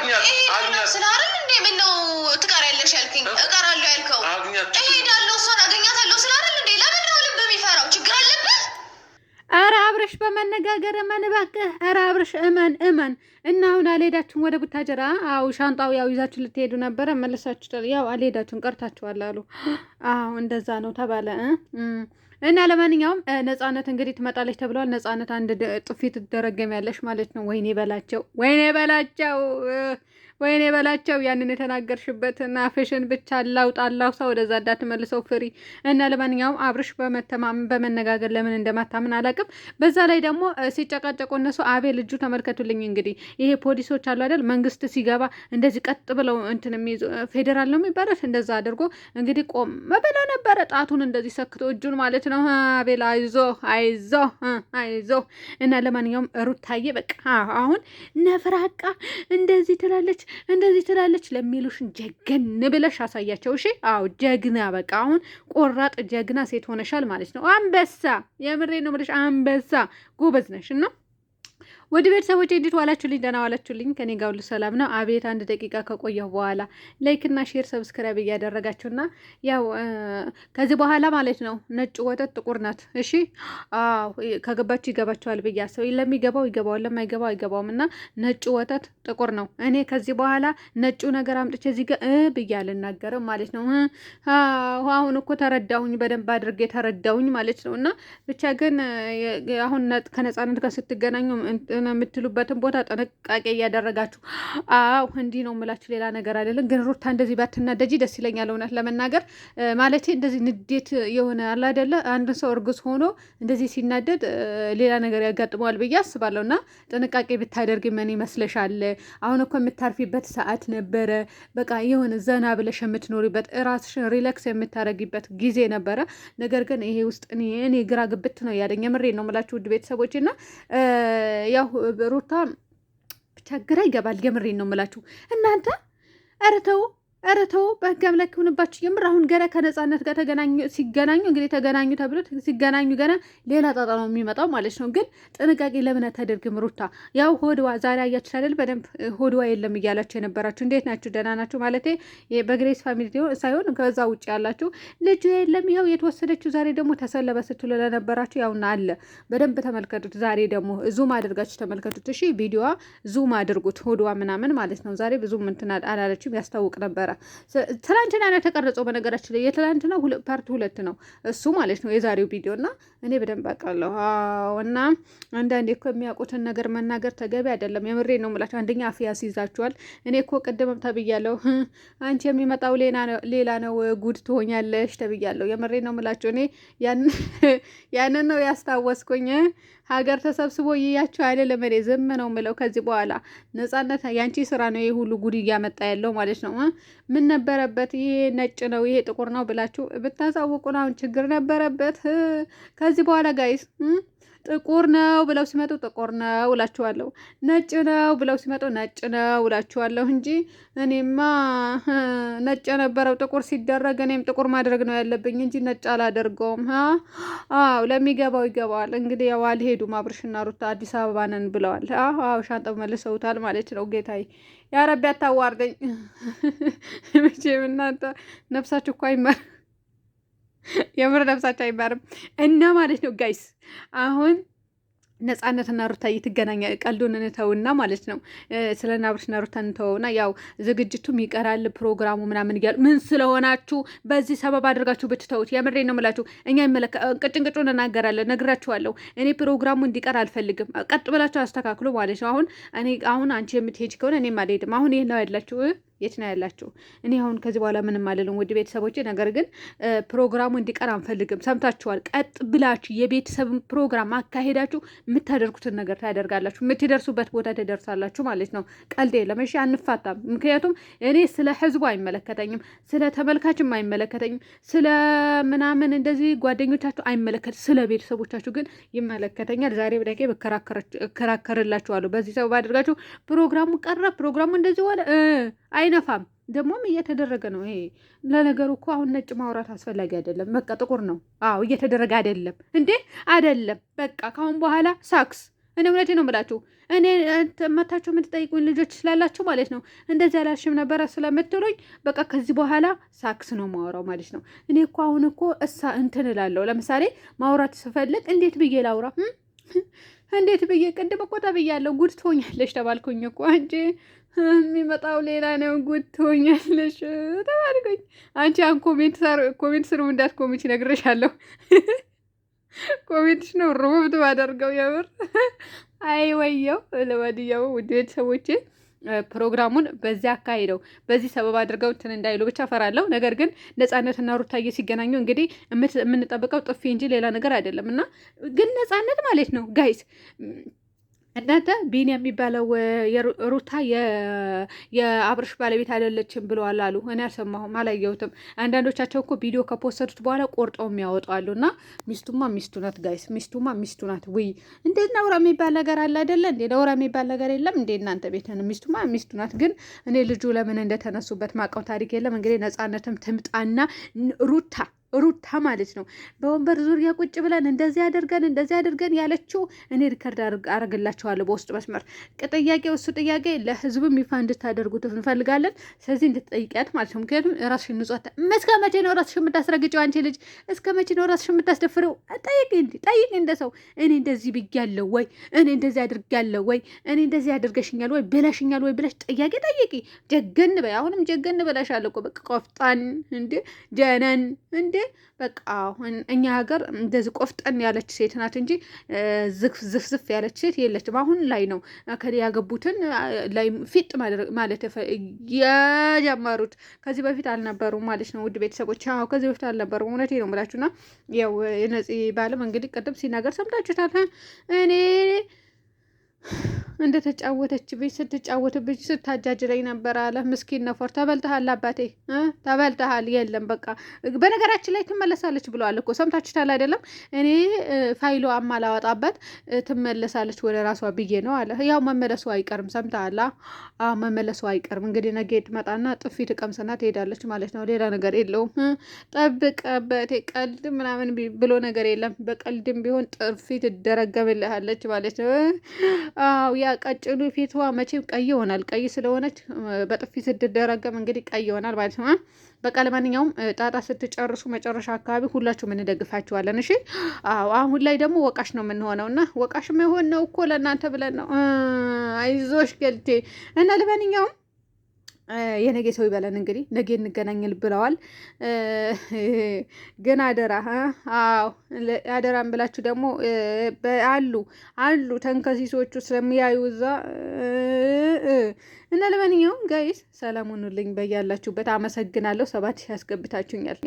አግኛት አግኛት ስላረም እንዴ ምን ነው ትቀሪያለሽ ያልከኝ? እቀራለሁ ያልከው እሄዳለሁ እሷን አገኛታለሁ ስላረም እንዴ ለምን ነው ልብ የሚፈራው? ችግር አለበት። ኧረ አብረሽ በመነጋገር እመን እባክህ። ኧረ አብረሽ እመን እመን። እና አሁን አልሄዳችሁም ወደ ቡታጀራ? አዎ ሻንጣው ያው ይዛችሁ ልትሄዱ ነበረ መልሳችሁ፣ ያው አልሄዳችሁም ቀርታችኋል አሉ። አዎ እንደዛ ነው ተባለ። እና ለማንኛውም ነፃነት እንግዲህ ትመጣለች ተብለዋል። ነፃነት አንድ ጥፊ ትደረገም ያለሽ ማለት ነው። ወይኔ በላቸው፣ ወይኔ በላቸው። ወይኔ በላቸው ያንን የተናገርሽበትን አፍሽን ብቻ ላውጣላው ሰው ወደዛ እንዳትመልሰው ፍሪ እና ለማንኛውም አብርሽ በመተማመን በመነጋገር ለምን እንደማታምን አላውቅም። በዛ ላይ ደግሞ ሲጨቃጨቁ እነሱ አቤ ልጁ ተመልከቱልኝ። እንግዲህ ይሄ ፖሊሶች አሉ አይደል መንግስት ሲገባ እንደዚህ ቀጥ ብለው እንትን የሚይዙ ፌዴራል ነው የሚባለው። እንደዛ አድርጎ እንግዲህ ቆም ብሎ ነበረ ጣቱን እንደዚህ ሰክቶ እጁን ማለት ነው። አቤል አይዞ አይዞ አይዞ እና ለማንኛውም ሩታዬ በቃ አሁን ነፍራቃ እንደዚህ ትላለች። እንደዚህ ትላለች ለሚሉሽን ጀገን ብለሽ አሳያቸው። እሺ፣ አዎ ጀግና፣ በቃ አሁን ቆራጥ ጀግና ሴት ሆነሻል ማለት ነው። አንበሳ፣ የምሬ ነው ብለሽ አንበሳ፣ ጎበዝ ነሽ እና ወደ ቤተሰቦች እንዴት ዋላችሁልኝ? ደህና ዋላችሁልኝ? ከኔ ጋር ሁሉ ሰላም ነው። አቤት አንድ ደቂቃ ከቆየሁ በኋላ ላይክና ሼር ሰብስክራይብ እያደረጋችሁና ያው ከዚህ በኋላ ማለት ነው ነጭ ወተት ጥቁር ናት። እሺ ከገባችሁ ይገባችኋል ብዬ አስበ ለሚገባው ይገባዋል፣ ለማይገባው አይገባውም። እና ነጭ ወተት ጥቁር ነው። እኔ ከዚህ በኋላ ነጩ ነገር አምጥቼ እዚህ ጋር ብዬ አልናገርም ማለት ነው። አሁን እኮ ተረዳሁኝ፣ በደንብ አድርጌ ተረዳሁኝ ማለት ነው። እና ብቻ ግን አሁን ከነጻነት ጋር ስትገናኙ የምትሉበትን ቦታ ጥንቃቄ እያደረጋችሁ አዎ፣ እንዲህ ነው የምላችሁ፣ ሌላ ነገር አይደለም። ግን ሩታ እንደዚህ ባትናደጂ ደስ ይለኛል፣ እውነት ለመናገር ማለቴ። እንደዚህ ንዴት የሆነ አለ አይደለ፣ አንድ ሰው እርጉዝ ሆኖ እንደዚህ ሲናደድ ሌላ ነገር ያጋጥመዋል ብዬ አስባለሁ። እና ጥንቃቄ ብታደርግ ምን ይመስለሻል? አሁን እኮ የምታርፊበት ሰዓት ነበረ። በቃ የሆነ ዘና ብለሽ የምትኖሪበት ራስሽን ሪላክስ የምታደረጊበት ጊዜ ነበረ። ነገር ግን ይሄ ውስጥ እኔ ግራ ግብት ነው ያለኝ። የምሬ ነው የምላችሁ ውድ ቤተሰቦች እና ያው ሩታ ቸግራ ይገባል። የምሬን ነው የምላችሁ እናንተ ኧረ ተው ኧረ ተው በህግ አምላክ ይሁንባችሁ። የምር አሁን ገና ከነፃነት ጋር ተገናኙ ሲገናኙ እንግዲህ ተገናኙ ተብሎ ሲገናኙ ገና ሌላ ጣጣ ነው የሚመጣው ማለት ነው። ግን ጥንቃቄ ለምን አታደርግም ሩታ? ያው ሆድዋ ዛሬ አያችሁ አይደል? በደንብ ሆድዋ የለም እያላችሁ የነበራችሁ እንዴት ናችሁ? ደህና ናችሁ? ማለት በግሬስ ፋሚሊ ሳይሆን ከዛ ውጭ ያላችሁ ልጁ የለም ይኸው የተወሰደችው ዛሬ ደግሞ ተሰለበ ስትሉ ለነበራችሁ ያውና አለ በደንብ ተመልከቱት። ዛሬ ደግሞ ዙም አድርጋችሁ ተመልከቱት። እሺ ቪዲዮዋ ዙም አድርጉት። ሆድዋ ምናምን ማለት ነው። ዛሬ ብዙም ምንትን አላለችም፣ ያስታውቅ ነበረ ነበረ። ትላንትና ነው የተቀረጸው። በነገራችን ላይ የትላንትና ፓርት ሁለት ነው እሱ ማለት ነው የዛሬው ቪዲዮ እና እኔ በደንብ አውቃለሁ። እና አንዳንዴ እኮ የሚያውቁትን ነገር መናገር ተገቢ አይደለም። የምሬ ነው የምላቸው። አንደኛ አፍ ያስይዛችኋል። እኔ እኮ ቅድምም ተብያለሁ። አንቺ የሚመጣው ሌላ ነው ጉድ ትሆኛለሽ ተብያለሁ። የምሬ ነው የምላቸው። እኔ ያንን ነው ያስታወስኩኝ። ሀገር ተሰብስቦ ይያችሁ አይደለም እኔ ዝም ነው ምለው። ከዚህ በኋላ ነጻነት ያንቺ ስራ ነው ይሄ ሁሉ ጉድ እያመጣ ያለው ማለት ነው። ምን ነበረበት ይሄ ነጭ ነው ይሄ ጥቁር ነው ብላችሁ ብታሳውቁ አሁን ችግር ነበረበት ከዚህ በኋላ ጋይስ ጥቁር ነው ብለው ሲመጡ ጥቁር ነው እላችኋለሁ። ነጭ ነው ብለው ሲመጡ ነጭ ነው እላችኋለሁ እንጂ እኔማ ነጭ የነበረው ጥቁር ሲደረግ እኔም ጥቁር ማድረግ ነው ያለብኝ እንጂ ነጭ አላደርገውም። አዎ ለሚገባው ይገባዋል። እንግዲህ ያው አልሄዱም አብርሽና ሩታ አዲስ አበባ ነን ብለዋል። አዎ ሻንጣ መልሰውታል ማለት ነው። ጌታዬ ያረቢ አታዋርደኝ መቼም እናንተ ነፍሳችሁ እኮ አይመር የምር ነብሳቸው አይባርም እና ማለት ነው ጋይስ አሁን ነጻነትና ሩታ እየትገናኛ ቀልዱን እንተውና ማለት ነው ስለ ናብርሽና ሩታ እንተውና፣ ያው ዝግጅቱም ይቀራል ፕሮግራሙ ምናምን እያሉ ምን ስለሆናችሁ በዚህ ሰበብ አድርጋችሁ ብትተውት፣ የምሬ ነው ምላችሁ። እኛ ይመለከ ቅጭንቅጩ እናገራለን፣ ነግራችኋለሁ። እኔ ፕሮግራሙ እንዲቀር አልፈልግም። ቀጥ ብላችሁ አስተካክሉ ማለት ነው። አሁን እኔ አሁን አንቺ የምትሄጅ ከሆነ እኔም አልሄድም። አሁን ይህ ነው ያላችሁ የት ነው ያላችሁ? እኔ አሁን ከዚህ በኋላ ምንም አልልም ውድ ቤተሰቦች። ነገር ግን ፕሮግራሙ እንዲቀር አንፈልግም። ሰምታችኋል። ቀጥ ብላችሁ የቤተሰብን ፕሮግራም አካሄዳችሁ የምታደርጉትን ነገር ታደርጋላችሁ፣ የምትደርሱበት ቦታ ትደርሳላችሁ ማለት ነው። ቀልድ የለም። እሺ፣ አንፋታም። ምክንያቱም እኔ ስለ ህዝቡ አይመለከተኝም፣ ስለ ተመልካችም አይመለከተኝም፣ ስለ ምናምን እንደዚህ ጓደኞቻችሁ አይመለከት፣ ስለ ቤተሰቦቻችሁ ግን ይመለከተኛል። ዛሬ ብዳቄ እከራከርላችኋለሁ። በዚህ ሰበብ አድርጋችሁ ፕሮግራሙ ቀረ፣ ፕሮግራሙ እንደዚህ ሆነ አይነፋም። ደግሞም እየተደረገ ነው። ይሄ ለነገሩ እኮ አሁን ነጭ ማውራት አስፈላጊ አይደለም። በቃ ጥቁር ነው። አዎ እየተደረገ አይደለም እንዴ? አይደለም። በቃ ከአሁን በኋላ ሳክስ። እኔ እውነቴ ነው የምላችሁ። እኔ መታችሁ የምትጠይቁኝ ልጆች ስላላችሁ ማለት ነው እንደዚህ አላልሽም ነበረ ስለምትሉኝ፣ በቃ ከዚህ በኋላ ሳክስ ነው ማውራው ማለት ነው። እኔ እኮ አሁን እኮ እሳ እንትን እላለሁ። ለምሳሌ ማውራት ስፈልግ እንዴት ብዬ ላውራ እንዴት ብዬ ቅድም እኮ ተብያለሁ። ጉድ ትሆኛለሽ ተባልኩኝ እኮ እንጂ የሚመጣው ሌላ ነው። ጉድ ትሆኛለሽ። ተባርኮኝ አንቺ አሁን ኮሜንት ስሩ እንዳት ኮሜንት ይነግረሻለሁ። ኮሜንትሽ ነው ሩብ ባደርገው የምር አይ ወየው። ለማንኛው ውድ ቤተሰቦቼ ፕሮግራሙን በዚያ አካሄደው በዚህ ሰበብ አድርገው እንትን እንዳይሉ ብቻ ፈራለሁ። ነገር ግን ነፃነትና ሩታዬ ሲገናኙ እንግዲህ የምንጠብቀው ጥፊ እንጂ ሌላ ነገር አይደለም እና ግን ነፃነት ማለት ነው ጋይስ እናንተ ቢን የሚባለው ሩታ የአብርሽ ባለቤት አይደለችም ብለዋል አሉ። እኔ አልሰማሁም አላየሁትም። አንዳንዶቻቸው እኮ ቪዲዮ ከፖሰዱት በኋላ ቆርጠው የሚያወጣሉ እና ሚስቱማ ሚስቱ ናት፣ ጋይስ ሚስቱማ ሚስቱ ናት። ውይ እንዴት ነውራ የሚባል ነገር አለ አይደለ እንዴ? ነውራ የሚባል ነገር የለም እንዴ? እናንተ ቤት ነው። ሚስቱማ ሚስቱ ናት። ግን እኔ ልጁ ለምን እንደተነሱበት ማቀው ታሪክ የለም። እንግዲህ ነጻነትም ትምጣና ሩታ ሩታ ማለት ነው። በወንበር ዙሪያ ቁጭ ብለን እንደዚህ አድርገን እንደዚህ አድርገን ያለችው እኔ ሪከርድ አረግላቸዋለሁ በውስጥ መስመር ጥያቄው እሱ ጥያቄ ለህዝብም ይፋ እንድታደርጉት እንፈልጋለን። ስለዚህ እንድትጠይቂያት ማለት ነው። ምክንያቱም ራስሽን ንጽት እስከ መቼ ነው ራስሽ የምታስረግጨው? አንቺ ልጅ እስከ መቼ ነው ራስሽ የምታስደፍረው? ጠይቅ እንዲ ጠይቅ እንደ ሰው እኔ እንደዚህ ብያለሁ ወይ እኔ እንደዚህ አድርጋለሁ ወይ እኔ እንደዚህ አድርገሽኛል ወይ ብለሽኛል ወይ ብለሽ ጥያቄ ጠይቂ። ጀገን በይ። አሁንም ጀገን በላሽ አለ እኮ በቃ ቆፍጣን እንዴ ጀነን እንዴ በቃ አሁን እኛ ሀገር እንደዚህ ቆፍጠን ያለች ሴት ናት እንጂ ዝፍዝፍ ያለች ሴት የለችም። አሁን ላይ ነው ከዲ ያገቡትን ላይ ፊጥ ማለት የጀመሩት። ከዚህ በፊት አልነበሩም ማለት ነው። ውድ ቤተሰቦች ሁ ከዚህ በፊት አልነበሩም። እውነቴ ነው ብላችሁና ያው የነጽ ባለም እንግዲህ ቅድም ሲናገር ሰምታችሁታል እኔ እንደተጫወተችብኝ ስትጫወትብኝ ስታጃጅለኝ ነበር አለ። ምስኪን ነፎር ተበልተሃል አባቴ ተበልተሃል። የለም በቃ በነገራችን ላይ ትመለሳለች ብለዋል እኮ ሰምታችሁታል አይደለም? እኔ ፋይሎ አማላወጣበት ትመለሳለች ወደ ራሷ ብዬ ነው አለ። ያው መመለሱ አይቀርም ሰምተሃል? አዎ መመለሱ አይቀርም። እንግዲህ ነገ ትመጣና ጥፊ ትቀምስና ትሄዳለች ማለት ነው። ሌላ ነገር የለውም። ጠብቀበቴ ቀልድ ምናምን ብሎ ነገር የለም። በቀልድም ቢሆን ጥፊ ትደረገምልሃለች ማለት ነው። አዎ ቀጭኑ ፊትዋ መቼም ቀይ ይሆናል። ቀይ ስለሆነች በጥፊ ስትደረገም እንግዲህ ቀይ ይሆናል ማለት ነው። በቃ ለማንኛውም ጣጣ ስትጨርሱ መጨረሻ አካባቢ ሁላችሁም እንደግፋችኋለን። እሺ፣ አዎ። አሁን ላይ ደግሞ ወቃሽ ነው የምንሆነው እና ወቃሽ የማይሆን ነው እኮ ለእናንተ ብለን ነው። አይዞሽ ገልቴ እና ለማንኛውም የነገ ሰው ይበለን እንግዲህ ነገ እንገናኝል ብለዋል። ግን አደራ አዎ አደራን ብላችሁ ደግሞ አሉ አሉ ተንከሲሶቹ ስለሚያዩ እዛ እና ለማንኛውም ጋይስ ሰላም ሁኑልኝ በያላችሁበት። አመሰግናለሁ። ሰባት ያስገብታችሁኛል።